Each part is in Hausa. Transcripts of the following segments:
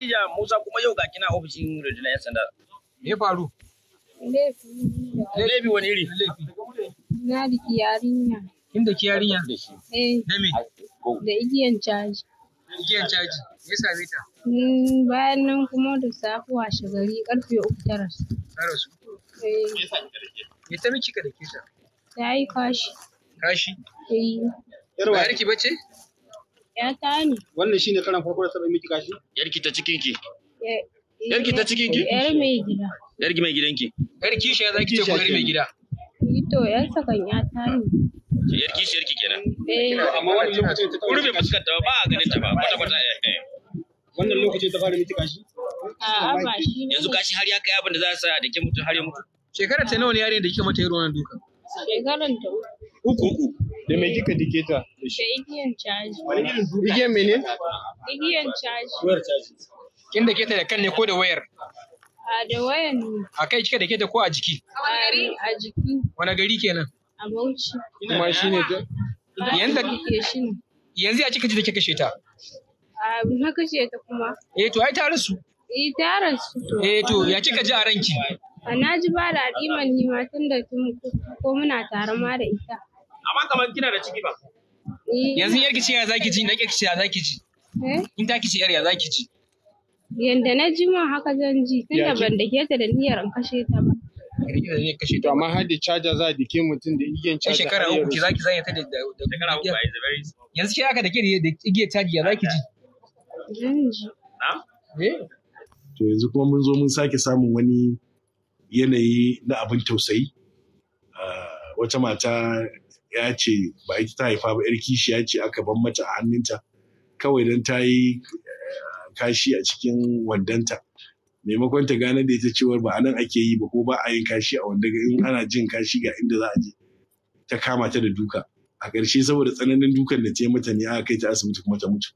Khadija Musa kuma yau ga kina ofishin rundunar 'yan sanda. Me ya faru? Laifi. Laifi wani iri? Laifi. Na da yarinya. Kin da yarinya? Eh. Da me? Da igiyan caji. Igiyan caji. Me ya same ta? Mm, bayan nan kuma da safe washe gari karfe uku tara. rasu. Ta Eh. Me ta miki ka da ke ta? Ta yi kashi. Kashi? Eh. Yarwa yarki bace? Ya tani. Wannan shine karan farko da saba miki kashi? Yarki ta cikin ki. Yarki ta cikin ki? Yar mai gida. Yarki mai gidanki. Yar kishi ya zaki ce ko yar mai gida? To yar sakan ya tani. Yar kishi yarki kenan. Eh. Amma wannan lokacin ta kurbe fuskar ta ba a ganin ta ba kwata kwata. Eh, eh. Wannan lokacin ta fara miki kashi? A'a ba shi. Yanzu kashi har ya kai abin da za a sa da ke mutu har ya mutu. Shekara ta nawa ne yarinyar da kike mata irin wannan duka? Shekaran ta Uku uku. Da me kika dike ta? da shi? Da igiyan caji. Wani Igiyan mene? Igiyan caji. Wayar caji. Kin da keta da kan ne ko da wayar? A da wayar ne. A kai kika da keta ko a jiki? A jiki. Wani gari kenan? A Bauchi. Kuma shi ne ta? Yanda Yanzu a cika ji da kika kashe ta? A na kashe ta kuma. Eh to ai ta rasu. Eh ta rasu. Eh to ya kika ji a ranki? A na ji ba da man ni ma tun da ko muna tare ma da ita. amma kamar kina da ciki ba. Eh. Yanzu yar ce ya zaki ji, na ki ya zaki ji. Eh? In ta kici ce yar ya zaki ji. Yanda na ji ma haka zan ji, da ban dake ta da niyyar in kashe ta ba. Rikitar zai kashe ta. Amma har da caja za a dike mutum da igiyan caja. Shekara uku ki zaki zanya ta da shekara uku ba is very Yanzu ki haka da ke da igiyan caji ya zaki ji. Zan ji. Eh. To yanzu kuma mun zo mun sake samun wani yanayi na abin tausayi. Ah, wata mata ya ce ba ita ta haifa ba yar kishiya ce aka ban mata a hannunta kawai don ta yi eh, kashi a cikin wandanta maimakon ta gane da ita cewar ba anan ake yi ba ko ba a yin kashi a wanda in ana jin kashi ga inda za a je ta kama ta da duka a ƙarshe saboda tsananin dukan da ta yi mata ne aka kai ta asibiti kuma ta mutu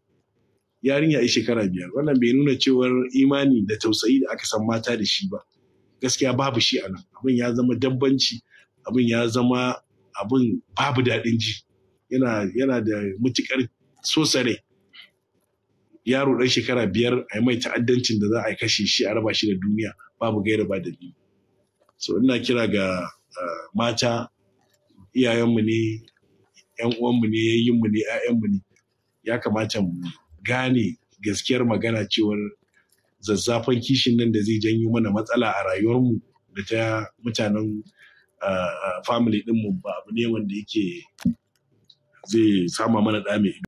yarinya ai shekara biyar wannan bai nuna cewar imani da tausayi da aka san mata da shi ba gaskiya babu shi a nan abin ya zama dabbanci abin ya zama abin babu daɗin ji yana yana da so sosare yaro ɗan shekara biyar a yi mai ta'addancin da za a kashe shi a raba shi da duniya babu gaira ba biyu. so ina kira ga mata iyayenmu ne yan uwanmu ne yayyinmu ne ƴaƴanmu ne ya kamata mu gane gaskiyar magana cewar zazzafan kishin nan da zai janyo mana matsala a rayuwarmu da ta mutanen family ɗinmu ba abu ne wanda yake zai sama mana ɗa mai